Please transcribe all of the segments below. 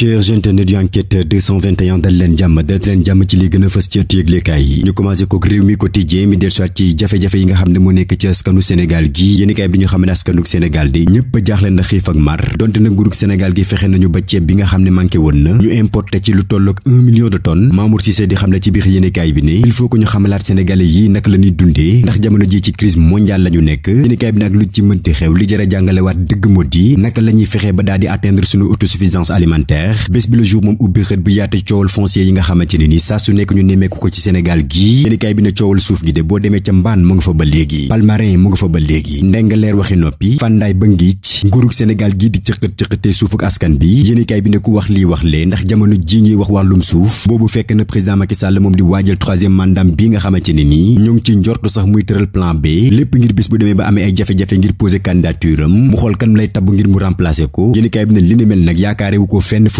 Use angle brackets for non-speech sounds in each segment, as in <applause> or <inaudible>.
chers internautes yu enquête 221 dal jàmm dal leen jàmm ci li gën a fës ci ëtt yëglekaay yi ñu commencé ko réew mi quotidien mi del ci jafe-jafe yi nga xam ne moo nekk ci askanu Sénégal gi yéenekaay bi ñu xam ne askanuk Sénégal di ñëpp jaaxle gi fexe nañu ba ceeb bi nga xam ne manqué woon na ñu importé ci lu tolloog 1 million de tonnes Mamour Cissé di xam ne ci biir yéenekaay bi ne il faut que ñu xamalaat Sénégalais yi naka la ñuy dundee ndax jamono ji ci crise mondiale la ñu nekk yéenekaay bi nag luñ ci mënti xew li jëra jàngalewaat dëgg moo di naka la ñuy fexe ba daal di atteindre suñu autosuffisance alimentaire Dakar bés bi la jour moom ubbi xët bu yaate coowal foncier yi nga xamante ne ni saa su nekk ñu nemmeeku ko ci Sénégal gii yéenekaay bi ne coowal suuf gi de boo demee ca mbaan mu nga fa ba léegi palmarin mu nga fa ba léegi ndenga waxi noppi fàndaay ba ngiic nguurug Sénégal gii di cëqat cëqatee suufuk askan bi yéenekaay bi ne ku wax lii wax lee ndax jamono ji ñuy wax wàllum suuf boobu fekk na président Macky Sall moom di waajal troisième mandat bi nga bu demee ba amee ay jafe-jafe ngir poser candidature am mu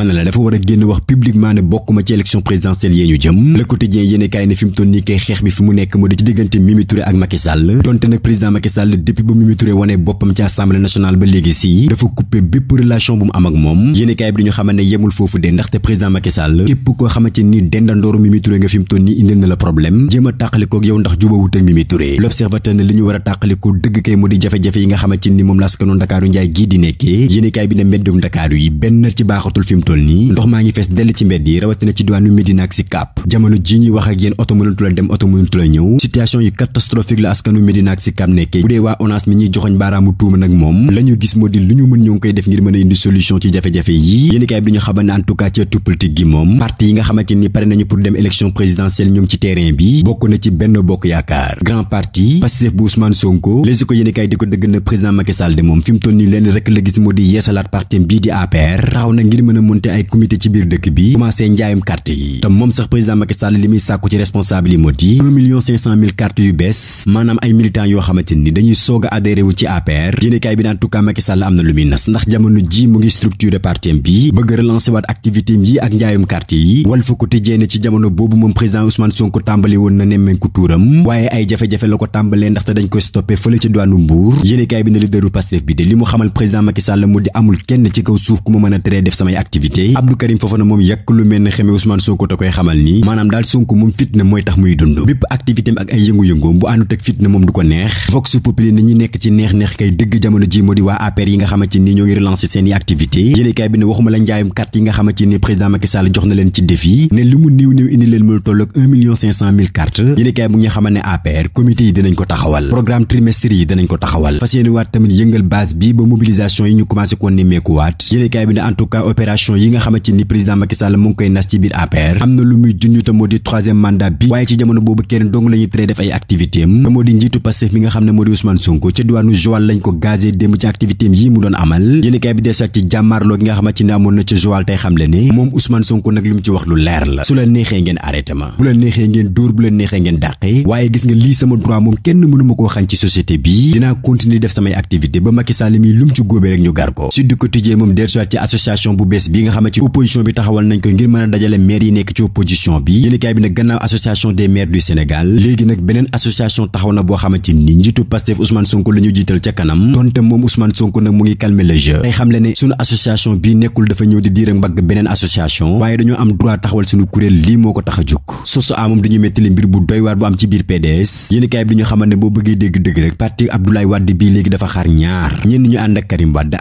ma la dafa war a génn wax publiquement ne bokkuma ci élection présidentielle yee ñu jëm la problème jéem a tàqalikook bi ne mbeddum Dakaaru yi benn ci baaxatul fi mu toll nii ndox maa ngi fees dell ci mbedd yi rawatina ci diwaanu Médina ak Sicap jamono ji ñuy wax ak yéen oto la dem oto la ñëw situation yu catastrophique la askanu Médina ak Sicap nekkee bu dee waa ONAS mi ñuy joxoñ baaraamu tuuma nag moom la gis moo di lu ñu mën ñoo ngi koy def ngir mën indi solution ci jafe-jafe yi yéenekaay bi dañu xamal ne en tout gi moom parti yi nga xamante ni pare nañu pour dem élection présidentielle te ay comité ci biir dëkk bi commencé njaayum carte yi te moom sax président Macky Sall li muy sàkku ci responsable yi moo di 1 million 500 mille cartes yu bees maanaam ay militants yoo xamante ni dañuy soog a adhéré wu ci APR yéenekaay bi naan tukkaa Macky Sall am na lu muy nas ndax jamono ngi structuré parti bi bëgg relancer waat activité yi ak njaayum carte yi Walf Quotidien ci jamono boobu moom président Ousmane Sonko tàmbali woon na nemmeeku tuuram waaye ay jafe-jafe la ko tàmbalee ndaxte dañ koy stoppé fële ci diwaanu Mbour yéenekaay bi ne leaderu mu xamal kaw suuf ku ma mën a teree activité Abdou Karim Fofana moom yàq lu mel ne xeme Ousmane Sonko te koy xamal ni maanaam daal Sonko moom fitna mooy tax muy dund bépp activité ak ay yëngu-yëngoom bu àndut fitna moom du ko neex Vox Populi ni ñi nekk ci neex-neex kay dëgg jamono ji moo di waa APR yi nga xamante ni ñoo ngi relancer seeni activité jëlekaay bi ne waxuma la njaayum carte yi nga xamante ni président Macky jox na leen ci défi ne li mu néew néew indi leen mu toll ak 1 yi nga xamante ci na lu ne moo di Ousmane Sonko ca diwaanu Joal lañ ko gazé ni amoon na ne moom Ousmane Sonko nag li mu ci wax lu leer la su la neexee ngeen kenn mënuma koo xañ ci société bi dinaa continuer def samay activité ba Macky Sall mi ci góobee rek ñu gar ko Sud Quotidien moom dellusiwaat ci association bu bees bi nga xam ne ci opposition bi taxawal nañ ko ngir mën dajale maire yi nekk ci opposition bi yéenekaay bi nag gannaaw association des maires du Sénégal léegi nag beneen association taxaw na boo xamante ni njiitu Pastef Ousmane Sonko la ñu jiital ca kanam donte moom Ousmane Sonko nag mu ngi calmer le tey xam ne suñu association bii nekkul dafa ñëw di diir mbagg beneen association waaye dañoo am droit taxawal suñu kuréel lii moo ko tax a jóg sosu amam dañu mettali mbir bu doy waar bu am ci biir PDS yéenekaay bi ñu xamal ne boo ak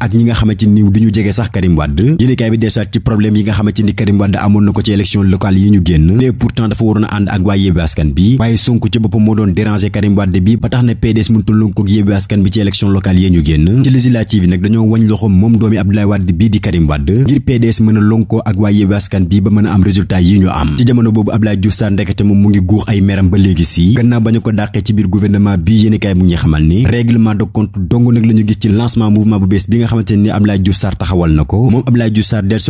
Karim nga xamante ni duñu jege sax Karim Wade yéenekaay bi dellusiwaat ci problème yi nga xamante ni Karim Wade amoon na ko ci élection locale yi ñu génn ne pourtant dafa waroon a ànd ak waa Yewwi bi waaye Sonko ci boppam moo doon déranger Karim bi ba tax na PDS mënta lënkoog Yewwi bi ci élection locale yi ñu génn ci législative nag dañoo wañ loxoom moom doomi Abdoulaye Wade bii di Karim ngir PDS mën a ak waa Yewwi bi ba mën a am résultat yi ñu am ci jamono boobu Abdoulaye Diouf Sarr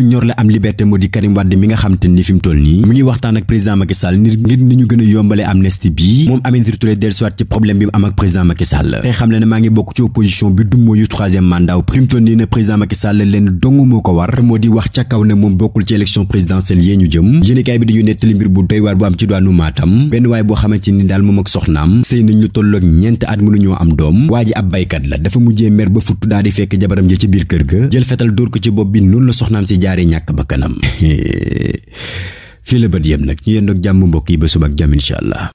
a nga xam te ni maa ngi bokk ci opposition bi du mooyu troisième mandat fi mu nii ne président Macky leen dong ko war moo di wax ca kaw ne moom bokkul ci élection présidentielle yee ñu jëm yéenekaay bi dañu nettali mbir bu doy waar bu am ci daanu Matam benn waay boo xamante ni daal moom ak soxnaam sëy nañ lu tolloog ñeent at mënuñoo am doom waa ab baykat la dafa mujjee mer ba futtu daal di fekk jabaram ja ci biir kër ga jël fetal dóor ko jaare ñàkk ba kanam <laughs> fii la bët yem nag ñu yendoog jàmm mbokk yi ba suba ak jàmm incha allah